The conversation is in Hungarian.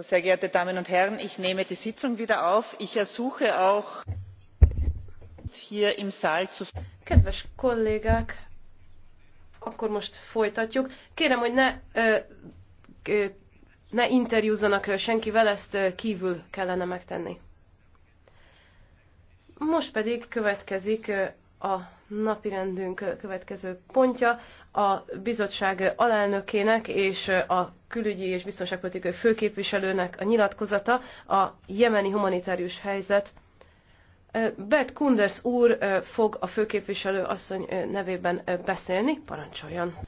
sehr geehrte damen und herren! ich nehme die sitzung wieder auf. ich ersuche auch hier im saal zu. kedves kollégák akkor most folytatjuk. kérem hogy ne, ne interjúzzanak senkivel ezt kívül kellene megtenni. most pedig következik a napirendünk következő pontja a bizottság alelnökének és a külügyi és biztonságpolitikai főképviselőnek a nyilatkozata a jemeni humanitárius helyzet. Bert Kunders úr fog a főképviselő asszony nevében beszélni. Parancsoljon!